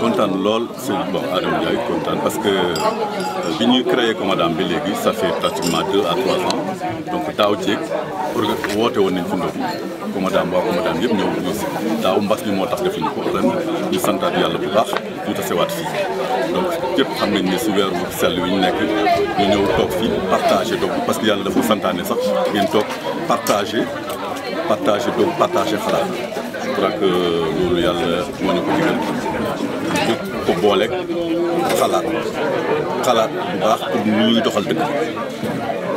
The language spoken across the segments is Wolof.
kontaan lool sëñ bon Adama Ndiaye kontaan parce que euh, bi ñuy créé Comadame bi léegi ça fait pratiquement deux à trois ans donc daaw jéeg pour woote woon nañ fi ndox waa Comadame yëpp ñëw ñu si daaw mbas mi moo tax defuñu ko ren ñu santaat yàlla bu baax ñu tasewaat fii donc képp xam nañ ne si weeru sell wi ñu nekk ñu ñëw toog fii partagé donc parce que yàlla dafa santaane sax ngeen toog partagé partagé donc xalaat je loolu yàlla moo ñu ko digal ñu boole booleeg xalaat xalaat bu baax pour ñuy doxal dëkk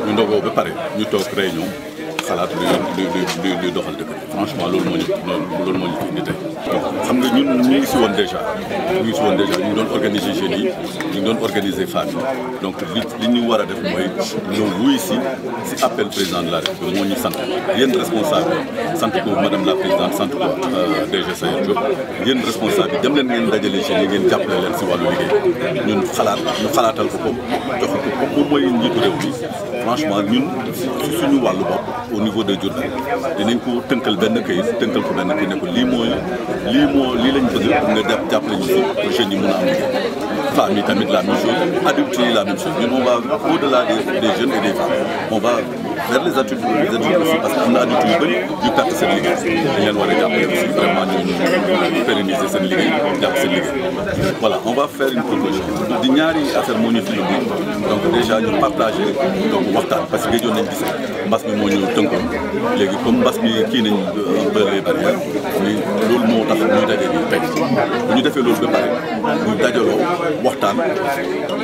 ñu ndogoo ba pare ñu toog réunion xalaat luy luy luy doxal dëkk franchement loolu moo ñu loolu moo ñu fi ñun ñu ngi si woon déjà ñu ngi si ñu doon organiser jeunes ñu ngi doon organiser femmes yi donc li ñu war a def mooy ñëw wuy si si appel président de la République moo ñu sant yéen responsable sant ko madame la présidente sant ko euh, DG Sayar Diop yéen responsable yi dem ngeen dajale jeunes yi ngeen jàppale leen si wàllu liggéey ñun xalaat ñu xalaatal ko ko jox ko ko moom mooy njiitu réew mi franchement ñun si suñu wàllu bopp au niveau de Diourbel dinañ ko tënkal benn kayit tënkal ko benn kayit ne lii mooy nga def jàppale ñu pour jeunes yi mun a am liggéey tamit la même chose adultes la même chose ñun au-delà des jeunes et des femmes on vers les études les études parce que am na adultes yu a jàppale aussi vraiment ñu pérenniser seen liggéey jàpp seen liggéey voilà on va faire une proposition di ñaari affaire moo ñu fi indi donc déjà ñu partager donc waxtaan parce que géejoon nañ gis mbas mi moo ñu tënkoon léegi comme mbas mi kii nañ bëri barrière ni loolu moo tax ñuy daje nii tey ñu defee loolu ba pare ñu dajaloo waxtaan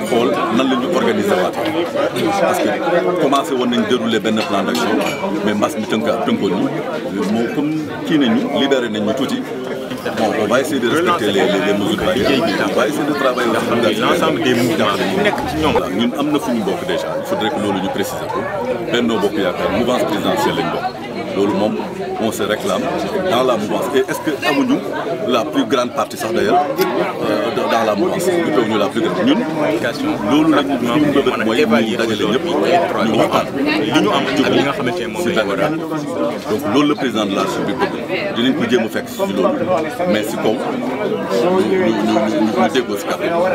xool nan la ñu organiser waat parce que commencé woon nañ dérouler benn plan d'action mais mbas mi tënka tënkoon ñu moo comme kii nañu libéré nañ ñu tuuti bon on va essayer de respecter les les mesures barrières on va essayer de travailler aussi l'ensemble des mouvements nekk ci ñoom la ñun am na fu ñu bokk déjà il faudrait que loolu ñu préciser ko Benno Bokk Yaakaar mouvance présidentielle lañ bokk loolu moom on se réclame dans la mouvance et est-ce que amuñu la plus grande partie sax d'ailleurs euh, dans la mouvance ñu toog ñu la plus grande ñun loolu nag suñu bëbët mooy ñu dajale ñëpp ñu waxtaan li ñu am jóg li nga xamante ne moom la ñu donc loolu le président de la République bëgg dinañ ko jéem a fekk si loolu mais si kaw ñu ñu ñu déggoo si kàddu